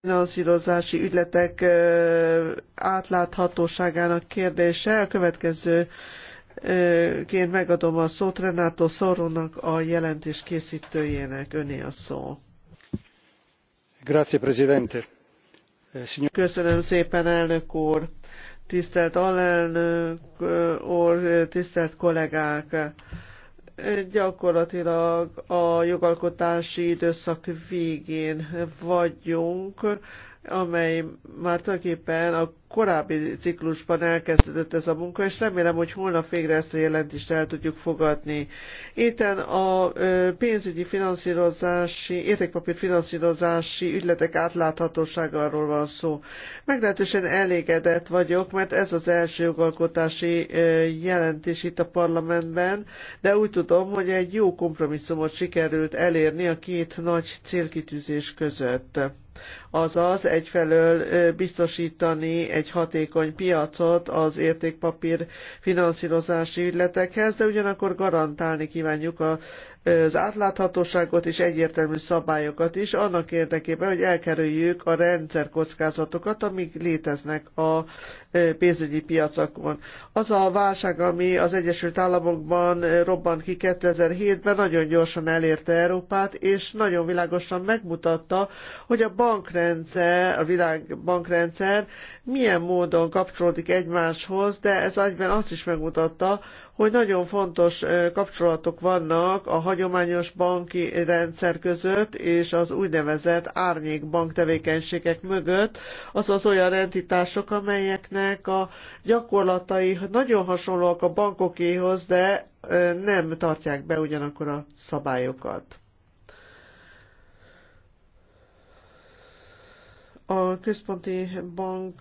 finanszírozási ügyletek átláthatóságának kérdése. A következő ként megadom a szót Renátó Szorónak, a jelentés készítőjének. Öné a szó. Grazie, Presidente. Eh, Köszönöm szépen, elnök úr. Tisztelt alelnök úr, tisztelt kollégák! gyakorlatilag a jogalkotási időszak végén vagyunk, amely már tulajdonképpen a korábbi ciklusban elkezdődött ez a munka, és remélem, hogy holnap végre ezt a jelentést el tudjuk fogadni. Éten a pénzügyi finanszírozási, értékpapír finanszírozási ügyletek átláthatóságáról van szó. Meglehetősen elégedett vagyok, mert ez az első jogalkotási jelentés itt a parlamentben, de úgy tudom, hogy egy jó kompromisszumot sikerült elérni a két nagy célkitűzés között. Azaz egyfelől biztosítani egy hatékony piacot az értékpapír finanszírozási ügyletekhez, de ugyanakkor garantálni kívánjuk a az átláthatóságot és egyértelmű szabályokat is, annak érdekében, hogy elkerüljük a kockázatokat, amik léteznek a pénzügyi piacokon. Az a válság, ami az Egyesült Államokban robbant ki 2007-ben, nagyon gyorsan elérte Európát, és nagyon világosan megmutatta, hogy a bal bankrendszer, a világ bankrendszer milyen módon kapcsolódik egymáshoz, de ez egyben azt is megmutatta, hogy nagyon fontos kapcsolatok vannak a hagyományos banki rendszer között és az úgynevezett árnyék bank tevékenységek mögött, azaz olyan entitások, amelyeknek a gyakorlatai nagyon hasonlóak a bankokéhoz, de nem tartják be ugyanakkor a szabályokat. a központi bank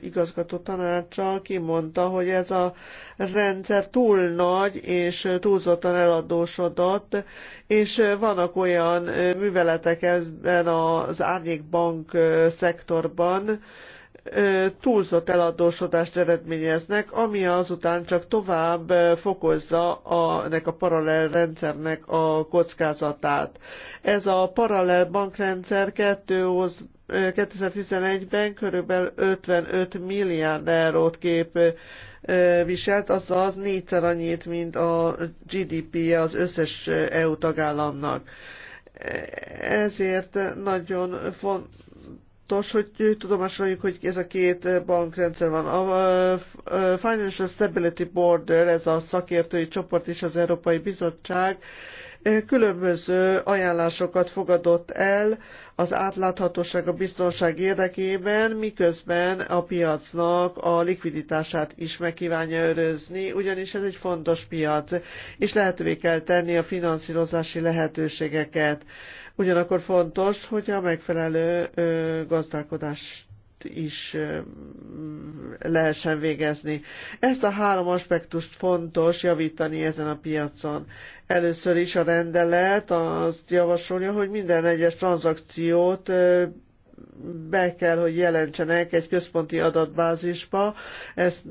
igazgató tanácsa kimondta, hogy ez a rendszer túl nagy és túlzottan eladósodott, és vannak olyan műveletek ebben az árnyékbank szektorban, túlzott eladósodást eredményeznek, ami azután csak tovább fokozza a, ennek a paralel rendszernek a kockázatát. Ez a paralel bankrendszer kettő 2011-ben körülbelül 55 milliárd eurót kép viselt, azaz négyszer annyit, mint a GDP-je az összes EU tagállamnak. Ezért nagyon fontos, hogy tudomásra vegyük, hogy ez a két bankrendszer van. A Financial Stability Board, ez a szakértői csoport és az Európai Bizottság különböző ajánlásokat fogadott el az átláthatóság a biztonság érdekében, miközben a piacnak a likviditását is megkívánja őrizni, ugyanis ez egy fontos piac, és lehetővé kell tenni a finanszírozási lehetőségeket. Ugyanakkor fontos, hogy a megfelelő gazdálkodást is lehessen végezni. Ezt a három aspektust fontos javítani ezen a piacon. Először is a rendelet azt javasolja, hogy minden egyes tranzakciót be kell, hogy jelentsenek egy központi adatbázisba. Ezt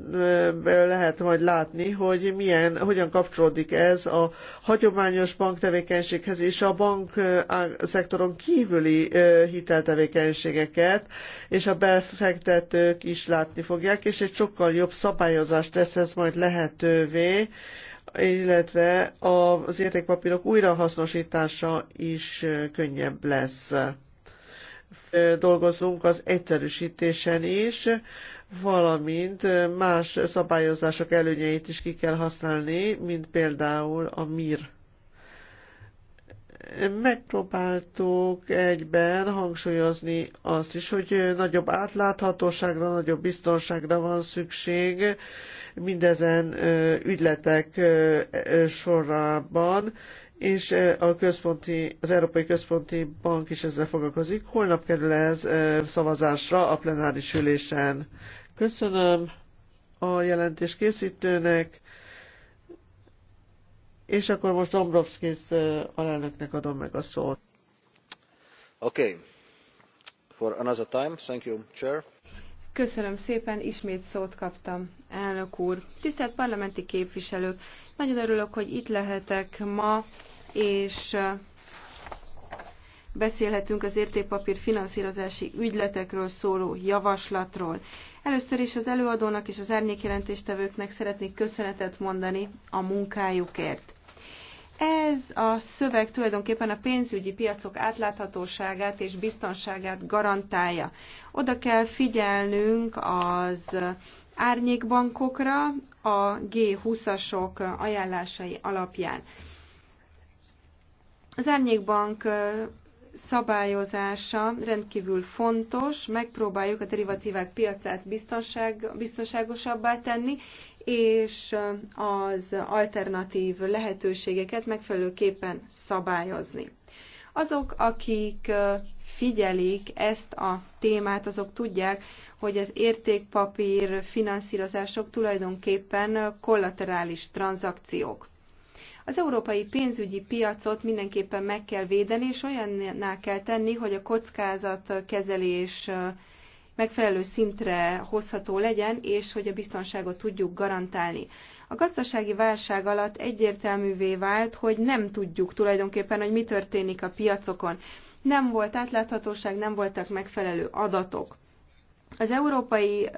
lehet majd látni, hogy milyen, hogyan kapcsolódik ez a hagyományos banktevékenységhez és a bank szektoron kívüli hiteltevékenységeket, és a befektetők is látni fogják, és egy sokkal jobb szabályozást tesz ez majd lehetővé, illetve az értékpapírok újrahasznosítása is könnyebb lesz dolgozunk az egyszerűsítésen is, valamint más szabályozások előnyeit is ki kell használni, mint például a MIR. Megpróbáltuk egyben hangsúlyozni azt is, hogy nagyobb átláthatóságra, nagyobb biztonságra van szükség, mindezen ügyletek sorában, és a központi, az Európai Központi Bank is ezzel foglalkozik. Holnap kerül ez szavazásra a plenáris ülésen. Köszönöm a jelentés készítőnek, és akkor most Dombrovskis alelnöknek adom meg a szót. Okay. For another time. Thank you, Chair. Köszönöm szépen, ismét szót kaptam, elnök úr. Tisztelt parlamenti képviselők, nagyon örülök, hogy itt lehetek ma, és beszélhetünk az értékpapír finanszírozási ügyletekről szóló javaslatról. Először is az előadónak és az árnyékjelentéstevőknek szeretnék köszönetet mondani a munkájukért. Ez a szöveg tulajdonképpen a pénzügyi piacok átláthatóságát és biztonságát garantálja. Oda kell figyelnünk az árnyékbankokra a G20-asok ajánlásai alapján. Az árnyékbank szabályozása rendkívül fontos, megpróbáljuk a derivatívák piacát biztonság, biztonságosabbá tenni, és az alternatív lehetőségeket megfelelőképpen szabályozni. Azok, akik figyelik ezt a témát, azok tudják, hogy az értékpapír finanszírozások tulajdonképpen kollaterális tranzakciók. Az európai pénzügyi piacot mindenképpen meg kell védeni, és olyanná kell tenni, hogy a kockázat kezelés megfelelő szintre hozható legyen, és hogy a biztonságot tudjuk garantálni. A gazdasági válság alatt egyértelművé vált, hogy nem tudjuk tulajdonképpen, hogy mi történik a piacokon. Nem volt átláthatóság, nem voltak megfelelő adatok. Az Európai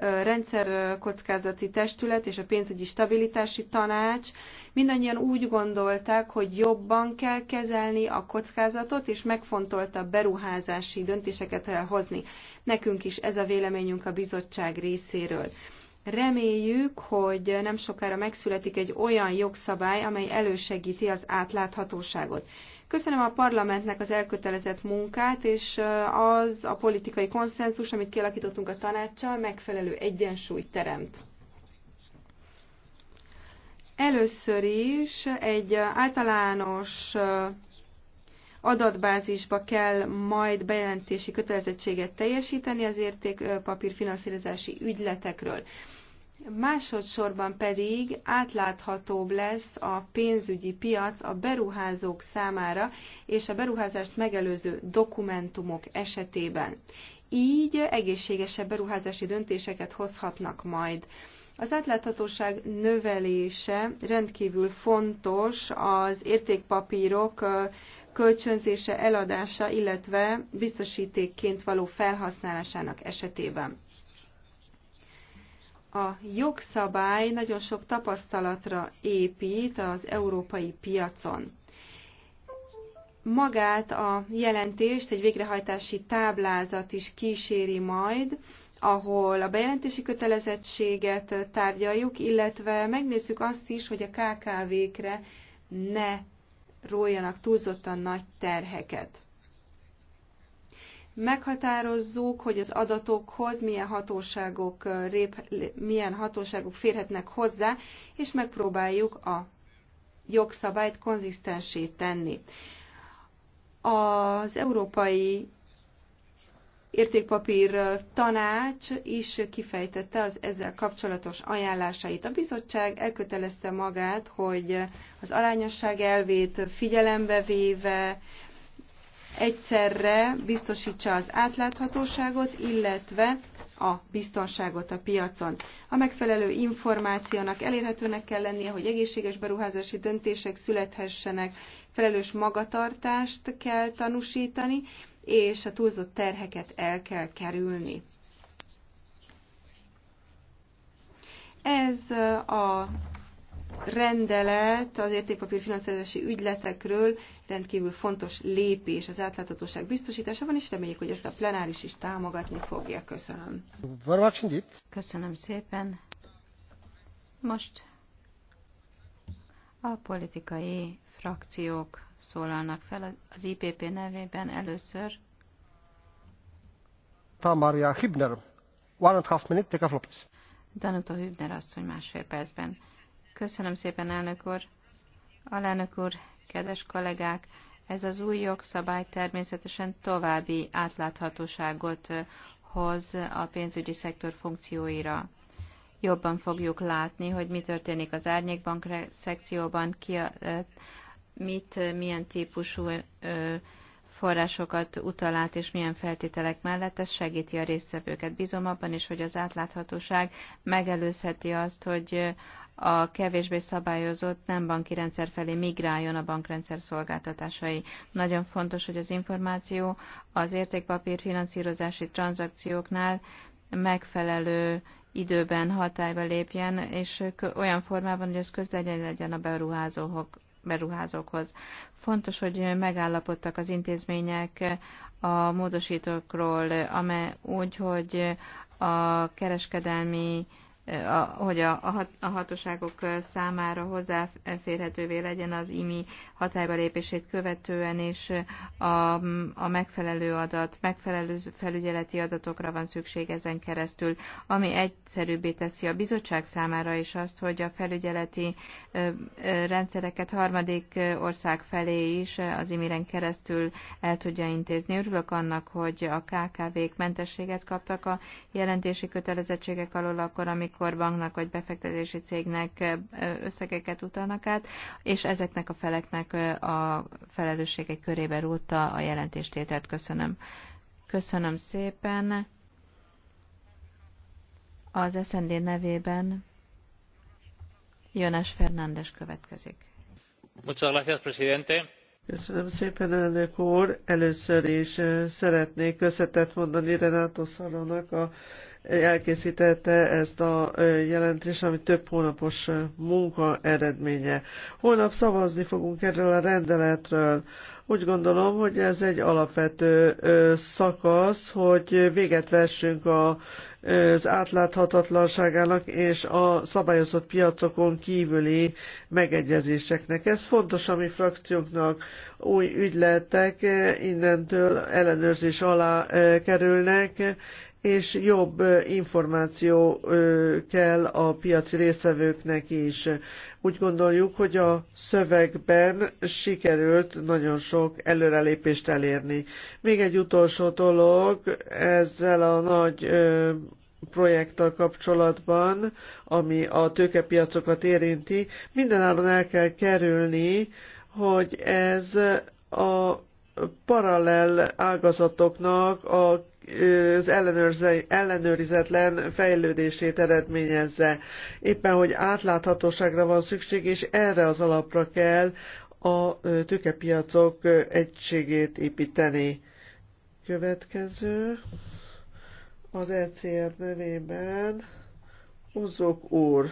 Kockázati Testület és a Pénzügyi Stabilitási Tanács mindannyian úgy gondolták, hogy jobban kell kezelni a kockázatot, és megfontolta beruházási döntéseket hozni. Nekünk is ez a véleményünk a bizottság részéről. Reméljük, hogy nem sokára megszületik egy olyan jogszabály, amely elősegíti az átláthatóságot. Köszönöm a parlamentnek az elkötelezett munkát, és az a politikai konszenzus, amit kialakítottunk a tanácssal, megfelelő egyensúlyt teremt. Először is egy általános adatbázisba kell majd bejelentési kötelezettséget teljesíteni az értékpapír finanszírozási ügyletekről. Másodszorban pedig átláthatóbb lesz a pénzügyi piac a beruházók számára és a beruházást megelőző dokumentumok esetében. Így egészségesebb beruházási döntéseket hozhatnak majd. Az átláthatóság növelése rendkívül fontos az értékpapírok kölcsönzése, eladása, illetve biztosítékként való felhasználásának esetében. A jogszabály nagyon sok tapasztalatra épít az európai piacon magát a jelentést egy végrehajtási táblázat is kíséri majd, ahol a bejelentési kötelezettséget tárgyaljuk, illetve megnézzük azt is, hogy a KKV-kre ne rójanak túlzottan nagy terheket. Meghatározzuk, hogy az adatokhoz milyen hatóságok, rép, milyen hatóságok férhetnek hozzá, és megpróbáljuk a jogszabályt konzisztensé tenni. Az európai értékpapír tanács is kifejtette az ezzel kapcsolatos ajánlásait. A bizottság elkötelezte magát, hogy az arányosság elvét figyelembe véve egyszerre biztosítsa az átláthatóságot, illetve a biztonságot a piacon. A megfelelő információnak elérhetőnek kell lennie, hogy egészséges beruházási döntések születhessenek, felelős magatartást kell tanúsítani, és a túlzott terheket el kell kerülni. Ez a rendelet az értékpapír finanszírozási ügyletekről rendkívül fontos lépés az átláthatóság Van és reméljük, hogy ezt a plenáris is támogatni fogja. Köszönöm. Köszönöm szépen. Most a politikai frakciók szólalnak fel az IPP nevében először. Tamaria Hübner, one and a half minute, take a please. Danuta Hübner asszony másfél percben. Köszönöm szépen, elnök úr. Alelnök úr, kedves kollégák, ez az új jogszabály természetesen további átláthatóságot hoz a pénzügyi szektor funkcióira. Jobban fogjuk látni, hogy mi történik az árnyékbank szekcióban, ki a, mit, milyen típusú forrásokat utal át, és milyen feltételek mellett, ez segíti a résztvevőket. Bízom abban is, hogy az átláthatóság megelőzheti azt, hogy a kevésbé szabályozott nem banki rendszer felé migráljon a bankrendszer szolgáltatásai. Nagyon fontos, hogy az információ az értékpapír finanszírozási tranzakcióknál megfelelő időben hatályba lépjen, és olyan formában, hogy az közlegyen legyen a beruházók beruházókhoz. Fontos, hogy megállapodtak az intézmények a módosítókról, amely úgy, hogy a kereskedelmi a, hogy a, a, a hatóságok számára hozzáférhetővé legyen az IMI hatályba lépését követően, és a, a megfelelő adat, megfelelő felügyeleti adatokra van szükség ezen keresztül, ami egyszerűbbé teszi a bizottság számára is azt, hogy a felügyeleti rendszereket harmadik ország felé is az IMI-ren keresztül el tudja intézni. Örülök annak, hogy a KKV-k mentességet kaptak a jelentési kötelezettségek alól, akkor, amik amikor banknak vagy befektetési cégnek összegeket utalnak át, és ezeknek a feleknek a felelősségek körébe rúgta a jelentéstételt. Köszönöm. Köszönöm szépen. Az SND nevében Jonas Fernández következik. Muchas gracias, presidente. Köszönöm szépen, elnök úr! Először is szeretnék összetett mondani Renato Szalonak a elkészítette ezt a jelentést, ami több hónapos munka eredménye. Holnap szavazni fogunk erről a rendeletről. Úgy gondolom, hogy ez egy alapvető szakasz, hogy véget vessünk a, az átláthatatlanságának és a szabályozott piacokon kívüli megegyezéseknek. Ez fontos a mi frakciónknak. Új ügyletek innentől ellenőrzés alá kerülnek, és jobb információ kell a piaci részvevőknek is. Úgy gondoljuk, hogy a szövegben sikerült nagyon sok előrelépést elérni. Még egy utolsó dolog ezzel a nagy projekttel kapcsolatban, ami a tőkepiacokat érinti, mindenáron el kell kerülni, hogy ez a paralel ágazatoknak a az ellenőrizetlen fejlődését eredményezze. Éppen, hogy átláthatóságra van szükség, és erre az alapra kell a tőkepiacok egységét építeni. Következő az ECR nevében Uzok úr.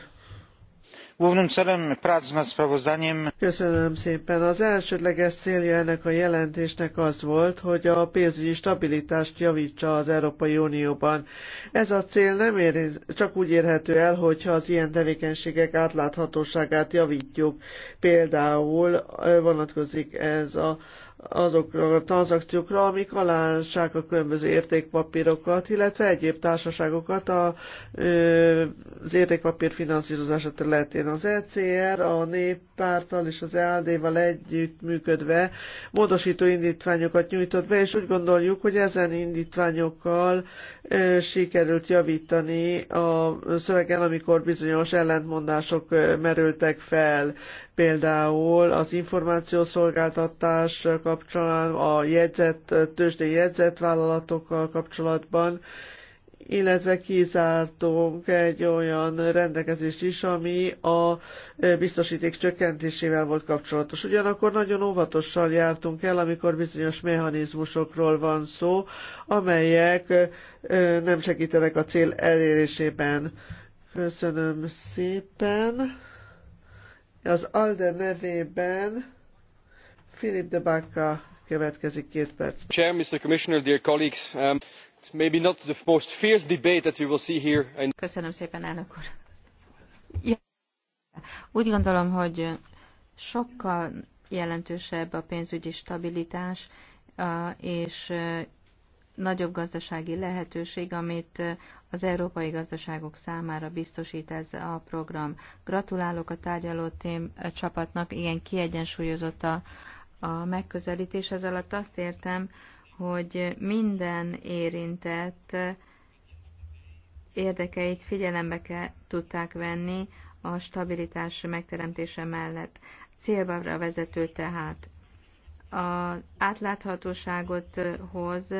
Głównym celem prac nad sprawozdaniem... Köszönöm szépen. Az elsődleges célja ennek a jelentésnek az volt, hogy a pénzügyi stabilitást javítsa az Európai Unióban. Ez a cél nem ér, csak úgy érhető el, hogyha az ilyen tevékenységek átláthatóságát javítjuk. Például vonatkozik ez a azokra a tranzakciókra, amik alássák a különböző értékpapírokat, illetve egyéb társaságokat a, az értékpapír finanszírozása területén. Az ECR a néppárttal és az ELD-val működve, módosító indítványokat nyújtott be, és úgy gondoljuk, hogy ezen indítványokkal sikerült javítani a szövegen, amikor bizonyos ellentmondások merültek fel például az információszolgáltatás kapcsolatban, a jegyzett, tőzsdei jegyzettvállalatokkal kapcsolatban, illetve kizártunk egy olyan rendelkezést is, ami a biztosíték csökkentésével volt kapcsolatos. Ugyanakkor nagyon óvatosan jártunk el, amikor bizonyos mechanizmusokról van szó, amelyek nem segítenek a cél elérésében. Köszönöm szépen! Az ALDE nevében Philip de Bacca következik két perc. Chair, Mr. Commissioner, dear colleagues, um, it's maybe not the most fierce debate that we will see here. And... Köszönöm szépen, elnök úr. Ja. Úgy gondolom, hogy sokkal jelentősebb a pénzügyi stabilitás, és nagyobb gazdasági lehetőség, amit az európai gazdaságok számára biztosít ez a program. Gratulálok a tárgyaló tém csapatnak, igen kiegyensúlyozott a, a megközelítés. Ez alatt azt értem, hogy minden érintett érdekeit figyelembe ke, tudták venni a stabilitás megteremtése mellett. Célba vezető tehát. Az átláthatóságot hoz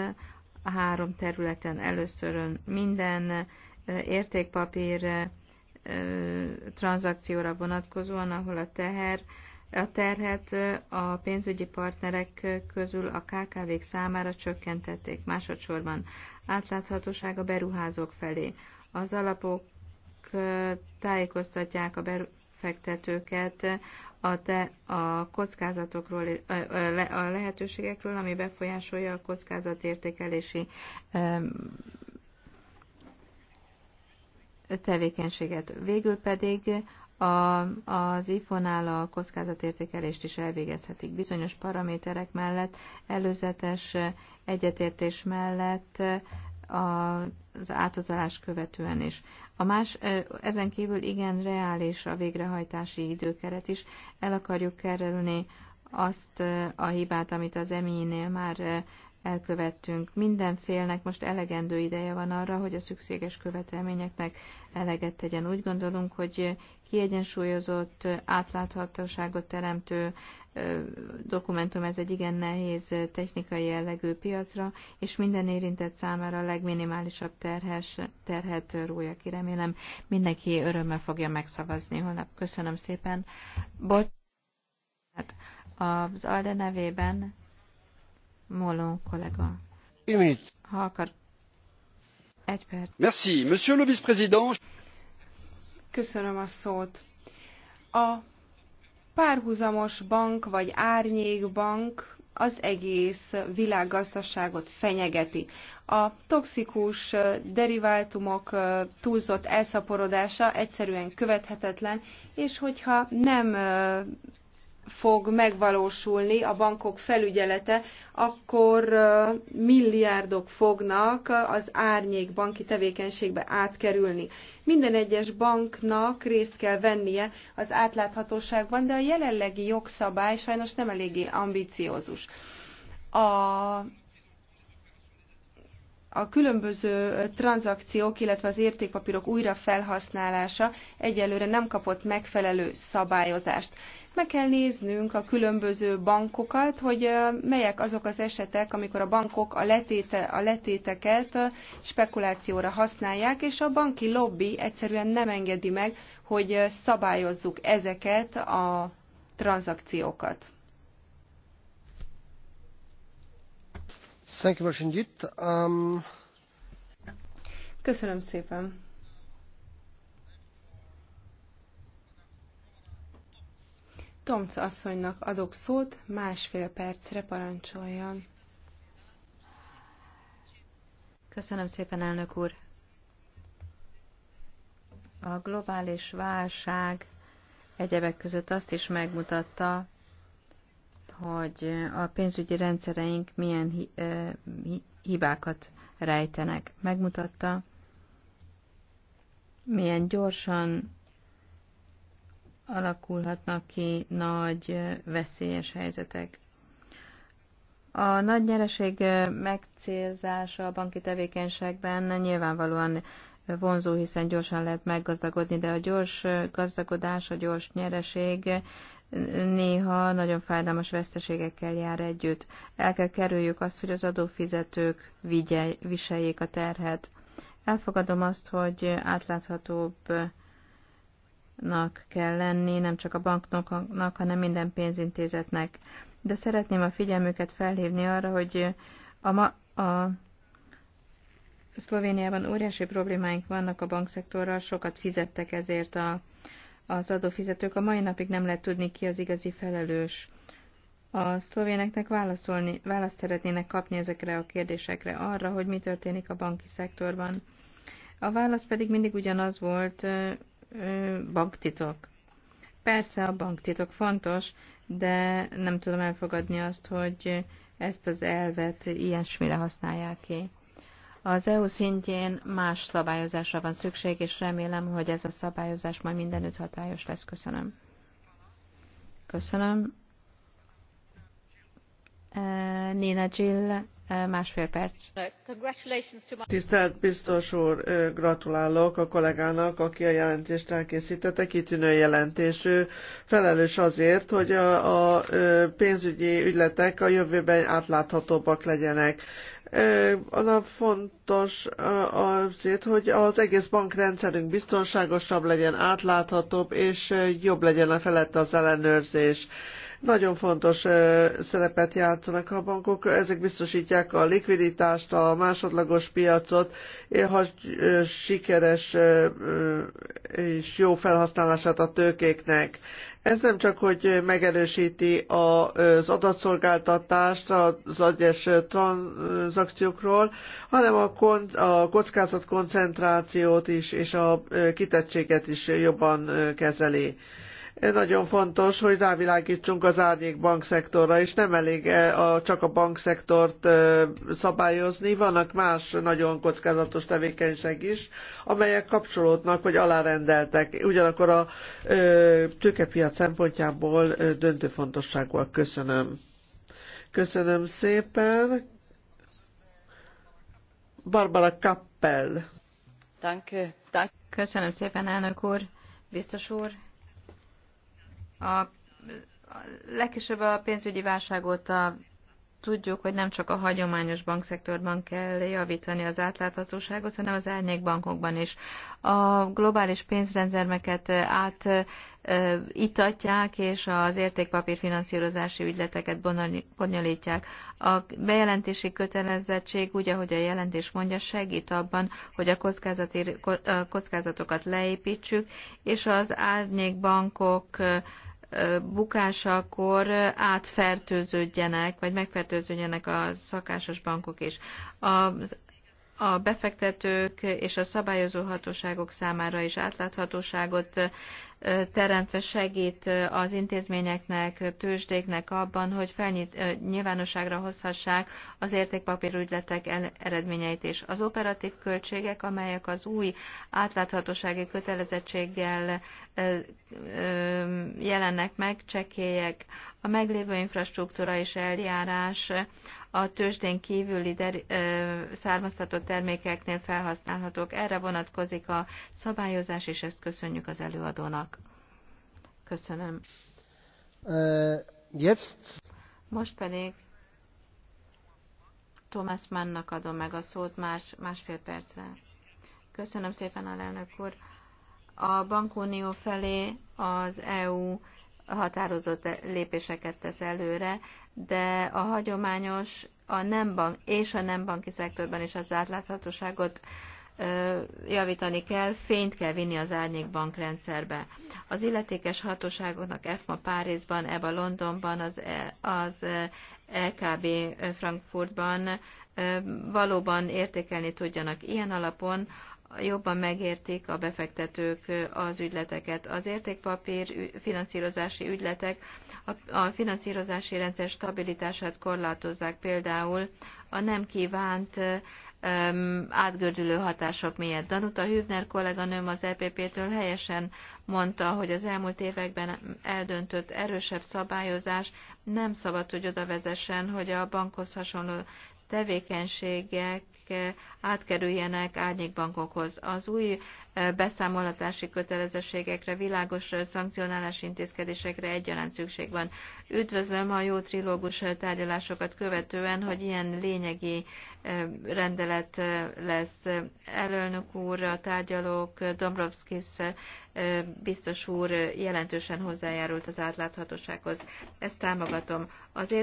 a három területen először minden értékpapír tranzakcióra vonatkozóan, ahol a teher a terhet a pénzügyi partnerek közül a KKV-k számára csökkentették. Másodszorban átláthatóság a beruházók felé. Az alapok tájékoztatják a befektetőket a, te, a kockázatokról, a lehetőségekről, ami befolyásolja a kockázatértékelési tevékenységet. Végül pedig a, az IFON-nál a kockázatértékelést is elvégezhetik. Bizonyos paraméterek mellett, előzetes egyetértés mellett az átutalás követően is. A más, ezen kívül igen reális a végrehajtási időkeret is. El akarjuk kerülni azt a hibát, amit az emi már elkövettünk. Minden félnek most elegendő ideje van arra, hogy a szükséges követelményeknek eleget tegyen. Úgy gondolunk, hogy kiegyensúlyozott, átláthatóságot teremtő dokumentum, ez egy igen nehéz technikai jellegű piacra, és minden érintett számára a legminimálisabb terhes, terhet rója ki, remélem mindenki örömmel fogja megszavazni holnap. Köszönöm szépen. Bocs, hát, az Alde nevében Molon kollega. Egy minut. Ha akar. Egy perc. Merci, monsieur le vice-président. Köszönöm a szót. A párhuzamos bank vagy árnyékbank az egész világgazdaságot fenyegeti. A toxikus deriváltumok túlzott elszaporodása egyszerűen követhetetlen, és hogyha nem fog megvalósulni a bankok felügyelete, akkor milliárdok fognak az árnyék banki tevékenységbe átkerülni. Minden egyes banknak részt kell vennie az átláthatóságban, de a jelenlegi jogszabály sajnos nem eléggé ambiciózus. A a különböző tranzakciók, illetve az értékpapírok újrafelhasználása egyelőre nem kapott megfelelő szabályozást meg kell néznünk a különböző bankokat, hogy melyek azok az esetek, amikor a bankok a, letéte, a letéteket spekulációra használják, és a banki lobby egyszerűen nem engedi meg, hogy szabályozzuk ezeket a tranzakciókat. Thank you, um... Köszönöm szépen. Tomc asszonynak adok szót, másfél percre parancsoljon. Köszönöm szépen, elnök úr. A globális válság egyebek között azt is megmutatta, hogy a pénzügyi rendszereink milyen hibákat rejtenek. Megmutatta, milyen gyorsan alakulhatnak ki nagy veszélyes helyzetek. A nagy nyereség megcélzása a banki tevékenységben nyilvánvalóan vonzó, hiszen gyorsan lehet meggazdagodni, de a gyors gazdagodás, a gyors nyereség néha nagyon fájdalmas veszteségekkel jár együtt. El kell kerüljük azt, hogy az adófizetők vigye, viseljék a terhet. Elfogadom azt, hogy átláthatóbb nak kell lenni, nem csak a banknak, hanem minden pénzintézetnek. De szeretném a figyelmüket felhívni arra, hogy a, ma, a Szlovéniában óriási problémáink vannak a bankszektorral, sokat fizettek ezért a, az adófizetők. A mai napig nem lehet tudni, ki az igazi felelős. A szlovéneknek válaszolni, választ szeretnének kapni ezekre a kérdésekre, arra, hogy mi történik a banki szektorban. A válasz pedig mindig ugyanaz volt, banktitok. Persze a banktitok fontos, de nem tudom elfogadni azt, hogy ezt az elvet ilyesmire használják ki. Az EU szintjén más szabályozásra van szükség, és remélem, hogy ez a szabályozás majd mindenütt hatályos lesz. Köszönöm. Köszönöm. Nina Gill másfél perc. Tisztelt biztos úr, gratulálok a kollégának, aki a jelentést elkészítette, kitűnő jelentésű. Felelős azért, hogy a, a pénzügyi ügyletek a jövőben átláthatóbbak legyenek a fontos azért, hogy az egész bankrendszerünk biztonságosabb legyen, átláthatóbb, és jobb legyen a felette az ellenőrzés. Nagyon fontos szerepet játszanak a bankok, ezek biztosítják a likviditást, a másodlagos piacot, ha sikeres és jó felhasználását a tőkéknek. Ez nem csak, hogy megerősíti az adatszolgáltatást az egyes tranzakciókról, hanem a, kon- a kockázat koncentrációt is és a kitettséget is jobban kezeli nagyon fontos, hogy rávilágítsunk az árnyék bankszektorra, és nem elég eh, a, csak a bankszektort eh, szabályozni, vannak más nagyon kockázatos tevékenység is, amelyek kapcsolódnak vagy alárendeltek. Ugyanakkor a eh, tőkepiac szempontjából döntő fontosságúak. Köszönöm. Köszönöm szépen. Barbara Kappel. Köszönöm szépen, elnök úr, biztos úr, a legkisebb a pénzügyi válság óta tudjuk, hogy nem csak a hagyományos bankszektorban kell javítani az átláthatóságot, hanem az árnyékbankokban is. A globális pénzrendszermeket át itatják, és az értékpapírfinanszírozási ügyleteket bonyolítják. A bejelentési kötelezettség, úgy ahogy a jelentés mondja, segít abban, hogy a, kockázati, a kockázatokat leépítsük, és az árnyékbankok bankok bukásakor átfertőződjenek, vagy megfertőződjenek a szakásos bankok is. A, a befektetők és a szabályozó hatóságok számára is átláthatóságot teremtve segít az intézményeknek, tőzsdéknek abban, hogy felnyit, nyilvánosságra hozhassák az értékpapírügyletek eredményeit is. Az operatív költségek, amelyek az új átláthatósági kötelezettséggel jelennek meg, csekélyek. A meglévő infrastruktúra és eljárás a tőzsdén kívüli der, ö, származtatott termékeknél felhasználhatók. Erre vonatkozik a szabályozás, és ezt köszönjük az előadónak. Köszönöm. Uh, jetzt. Most pedig Thomas Mannnak adom meg a szót más, másfél percre. Köszönöm szépen, alelnök úr. A bankunió felé az EU határozott lépéseket tesz előre, de a hagyományos a nem bank, és a nem banki szektorban is az átláthatóságot javítani kell, fényt kell vinni az bankrendszerbe. Az illetékes hatóságoknak EFMA Párizsban, EBA Londonban, az, e- az LKB e Frankfurtban valóban értékelni tudjanak ilyen alapon jobban megértik a befektetők az ügyleteket. Az értékpapír finanszírozási ügyletek a finanszírozási rendszer stabilitását korlátozzák például a nem kívánt átgördülő hatások miatt. Danuta Hübner kolléganőm az EPP-től helyesen mondta, hogy az elmúlt években eldöntött erősebb szabályozás nem szabad, hogy oda vezessen, hogy a bankhoz hasonló tevékenységek átkerüljenek árnyékbankokhoz. Az új e, beszámolatási kötelezettségekre, világos szankcionálási intézkedésekre egyaránt szükség van. Üdvözlöm a jó trilógus tárgyalásokat követően, hogy ilyen lényegi e, rendelet e, lesz. Elölnök úr, a tárgyalók, Dombrovskis biztos úr jelentősen hozzájárult az átláthatósághoz. Ezt támogatom. Az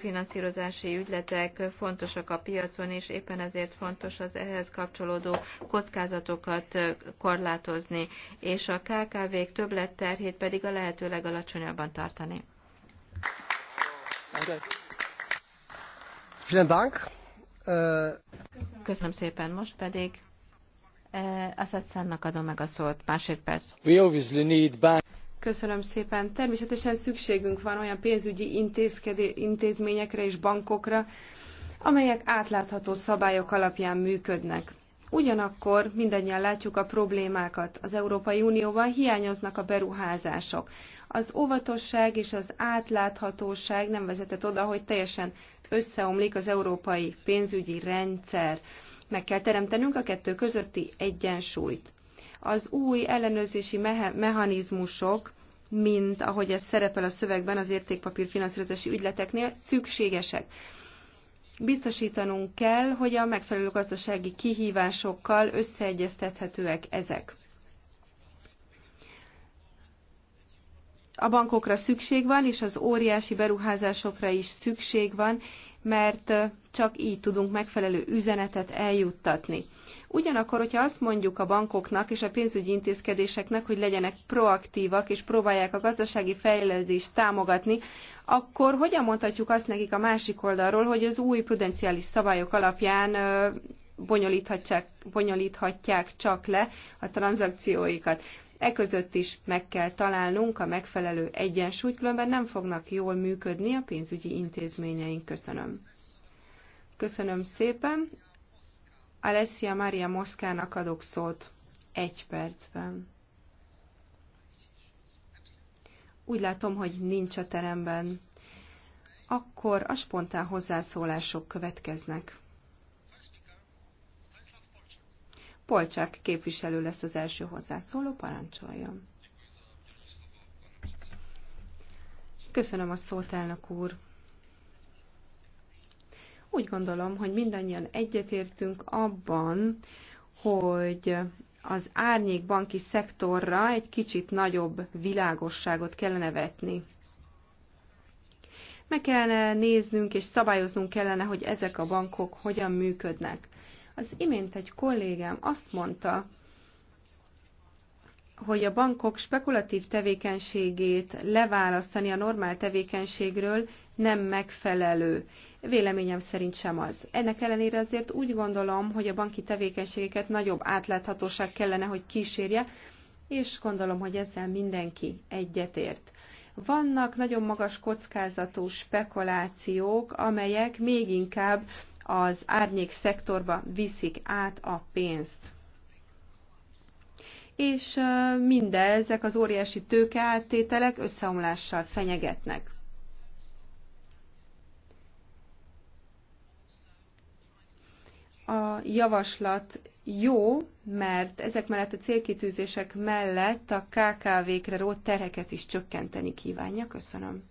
finanszírozási ügyletek fontosak a piacon, és éppen ezért fontos az ehhez kapcsolódó kockázatokat korlátozni, és a KKV-k többletterhét pedig a lehető legalacsonyabban tartani. Vielen Dank. Köszönöm szépen, most pedig Eh, Assad adom meg a szót. Másodperc. We obviously need bank. Köszönöm szépen. Természetesen szükségünk van olyan pénzügyi intézményekre és bankokra, amelyek átlátható szabályok alapján működnek. Ugyanakkor mindannyian látjuk a problémákat. Az Európai Unióban hiányoznak a beruházások. Az óvatosság és az átláthatóság nem vezetett oda, hogy teljesen összeomlik az európai pénzügyi rendszer. Meg kell teremtenünk a kettő közötti egyensúlyt. Az új ellenőrzési mechanizmusok, mint ahogy ez szerepel a szövegben az értékpapír finanszírozási ügyleteknél, szükségesek biztosítanunk kell, hogy a megfelelő gazdasági kihívásokkal összeegyeztethetőek ezek. A bankokra szükség van, és az óriási beruházásokra is szükség van, mert csak így tudunk megfelelő üzenetet eljuttatni. Ugyanakkor, hogyha azt mondjuk a bankoknak és a pénzügyi intézkedéseknek, hogy legyenek proaktívak és próbálják a gazdasági fejlődést támogatni, akkor hogyan mondhatjuk azt nekik a másik oldalról, hogy az új prudenciális szabályok alapján bonyolíthatják, bonyolíthatják csak le a tranzakcióikat. E között is meg kell találnunk a megfelelő egyensúlyt, különben nem fognak jól működni a pénzügyi intézményeink. Köszönöm. Köszönöm szépen. Alessia Maria Moszkának adok szót egy percben. Úgy látom, hogy nincs a teremben. Akkor a spontán hozzászólások következnek. Polcsák képviselő lesz az első hozzászóló, parancsoljon. Köszönöm a szót, elnök úr. Úgy gondolom, hogy mindannyian egyetértünk abban, hogy az árnyék banki szektorra egy kicsit nagyobb világosságot kellene vetni. Meg kellene néznünk és szabályoznunk kellene, hogy ezek a bankok hogyan működnek. Az imént egy kollégám azt mondta, hogy a bankok spekulatív tevékenységét leválasztani a normál tevékenységről nem megfelelő. Véleményem szerint sem az. Ennek ellenére azért úgy gondolom, hogy a banki tevékenységeket nagyobb átláthatóság kellene, hogy kísérje, és gondolom, hogy ezzel mindenki egyetért. Vannak nagyon magas kockázatú spekulációk, amelyek még inkább az árnyék szektorba viszik át a pénzt. És mindezek az óriási tőkeáttételek összeomlással fenyegetnek. A javaslat jó, mert ezek mellett a célkitűzések mellett a KKV-kre rót terheket is csökkenteni kívánja. Köszönöm.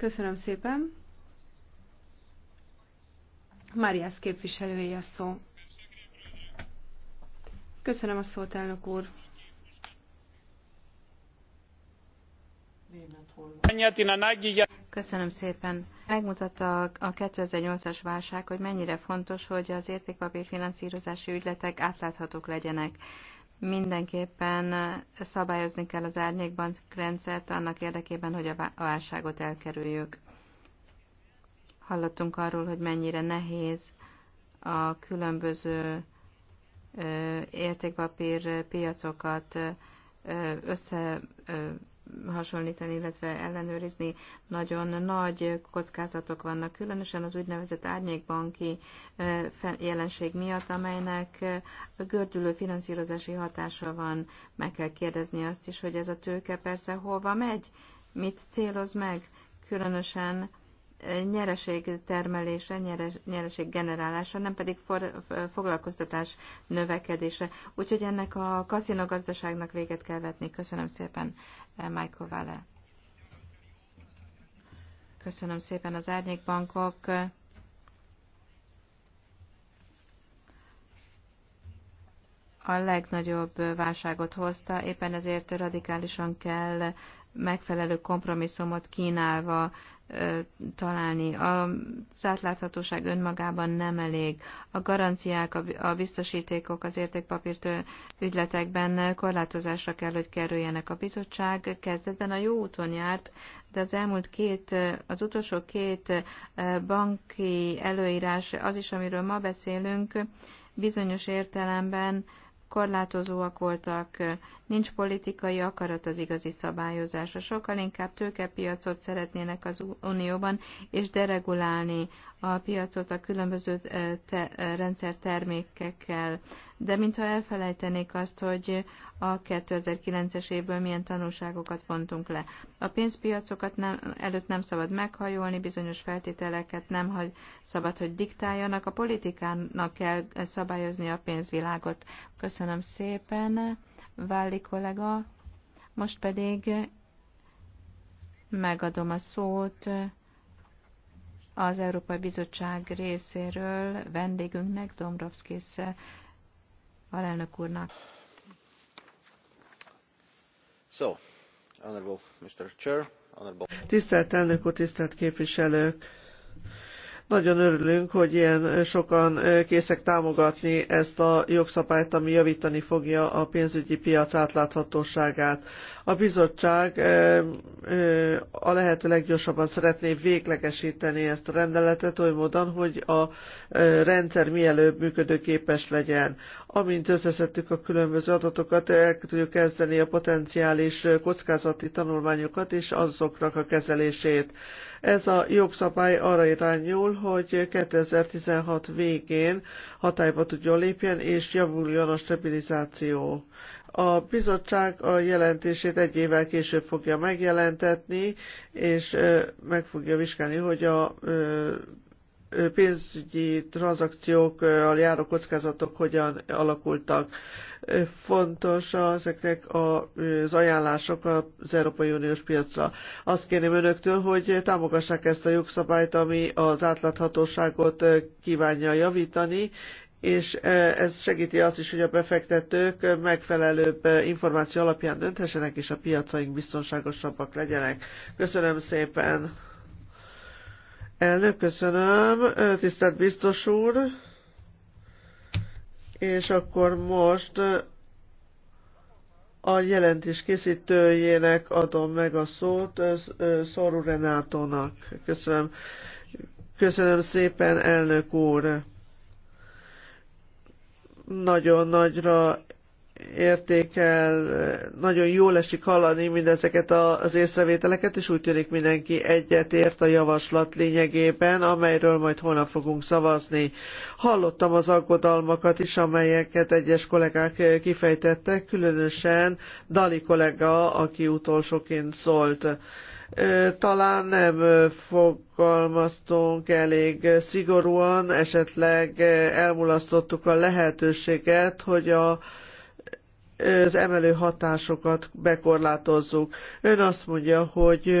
Köszönöm szépen. Máriász képviselője a szó. Köszönöm a szót, elnök úr. Köszönöm szépen. Megmutatta a 2008-as válság, hogy mennyire fontos, hogy az értékpapírfinanszírozási ügyletek átláthatók legyenek mindenképpen eh, szabályozni kell az árnyékban rendszert annak érdekében, hogy a válságot elkerüljük. Hallottunk arról, hogy mennyire nehéz a különböző eh, értékpapír piacokat eh, össze hasonlítani illetve ellenőrizni. Nagyon nagy kockázatok vannak, különösen az úgynevezett árnyékbanki jelenség miatt, amelynek gördülő finanszírozási hatása van. Meg kell kérdezni azt is, hogy ez a tőke persze hova megy, mit céloz meg, különösen nyereség termelése, nyereség generálása, nem pedig for, foglalkoztatás növekedése. Úgyhogy ennek a kaszinogazdaságnak véget kell vetni. Köszönöm szépen, eh, Michael Vale. Köszönöm szépen az árnyékbankok. A legnagyobb válságot hozta, éppen ezért radikálisan kell megfelelő kompromisszumot kínálva találni. Az átláthatóság önmagában nem elég. A garanciák, a biztosítékok az értékpapírt ügyletekben korlátozásra kell, hogy kerüljenek. A bizottság kezdetben a jó úton járt, de az elmúlt két, az utolsó két banki előírás, az is, amiről ma beszélünk, bizonyos értelemben korlátozóak voltak, nincs politikai akarat az igazi szabályozásra, sokkal inkább tőkepiacot szeretnének az Unióban és deregulálni a piacot a különböző te, rendszer termékekkel, de mintha elfelejtenék azt, hogy a 2009-es évből milyen tanulságokat vontunk le. A pénzpiacokat nem, előtt nem szabad meghajolni, bizonyos feltételeket nem hogy szabad, hogy diktáljanak, a politikának kell szabályozni a pénzvilágot. Köszönöm szépen, Váli kollega. Most pedig megadom a szót az Európai Bizottság részéről vendégünknek, Dombrovskis eh, alelnök úrnak. So, honorable Mr. Chair, honorable... Tisztelt elnök úr, tisztelt képviselők! Nagyon örülünk, hogy ilyen sokan készek támogatni ezt a jogszabályt, ami javítani fogja a pénzügyi piac átláthatóságát. A bizottság a lehető leggyorsabban szeretné véglegesíteni ezt a rendeletet oly módon, hogy a rendszer mielőbb működőképes legyen. Amint összeszedtük a különböző adatokat, el tudjuk kezdeni a potenciális kockázati tanulmányokat és azoknak a kezelését. Ez a jogszabály arra irányul, hogy 2016 végén hatályba tudjon lépjen és javuljon a stabilizáció. A bizottság a jelentését egy évvel később fogja megjelentetni, és meg fogja vizsgálni, hogy a pénzügyi tranzakciókkal járó kockázatok hogyan alakultak fontos ezeknek az ajánlások az Európai Uniós piacra. Azt kérném önöktől, hogy támogassák ezt a jogszabályt, ami az átláthatóságot kívánja javítani, és e, ez segíti azt is, hogy a befektetők megfelelőbb információ alapján dönthessenek, és a piacaink biztonságosabbak legyenek. Köszönöm szépen! Elnök, köszönöm. Tisztelt biztos úr! és akkor most a jelentés készítőjének adom meg a szót Szorú Renátónak. Köszönöm. Köszönöm szépen, elnök úr. Nagyon nagyra értékel, nagyon jól esik hallani mindezeket az észrevételeket, és úgy tűnik mindenki egyetért a javaslat lényegében, amelyről majd holnap fogunk szavazni. Hallottam az aggodalmakat is, amelyeket egyes kollégák kifejtettek, különösen Dali kollega, aki utolsóként szólt talán nem fogalmaztunk elég szigorúan, esetleg elmulasztottuk a lehetőséget, hogy a az emelő hatásokat bekorlátozzuk. Ön azt mondja, hogy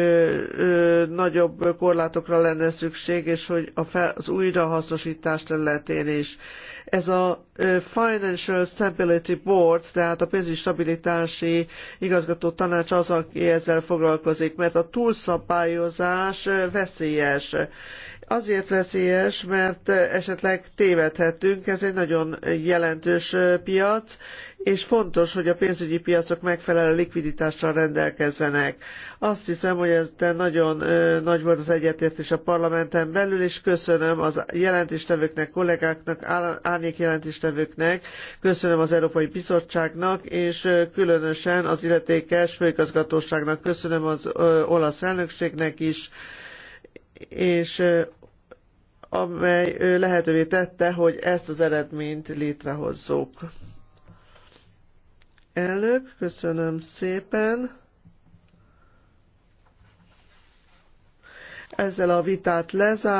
nagyobb korlátokra lenne szükség, és hogy az újrahasznosítás területén is. Ez a Financial Stability Board, tehát a pénzügyi stabilitási igazgató tanács az, aki ezzel foglalkozik, mert a túlszabályozás veszélyes azért veszélyes, mert esetleg tévedhetünk, ez egy nagyon jelentős piac, és fontos, hogy a pénzügyi piacok megfelelő likviditással rendelkezzenek. Azt hiszem, hogy ez de nagyon ö, nagy volt az egyetértés a parlamenten belül, és köszönöm az jelentéstevőknek, kollégáknak, árnyék jelentéstevőknek, köszönöm az Európai Bizottságnak, és ö, különösen az illetékes főigazgatóságnak, köszönöm az ö, olasz elnökségnek is, és amely lehetővé tette, hogy ezt az eredményt létrehozzuk. Elnök, köszönöm szépen. Ezzel a vitát lezár.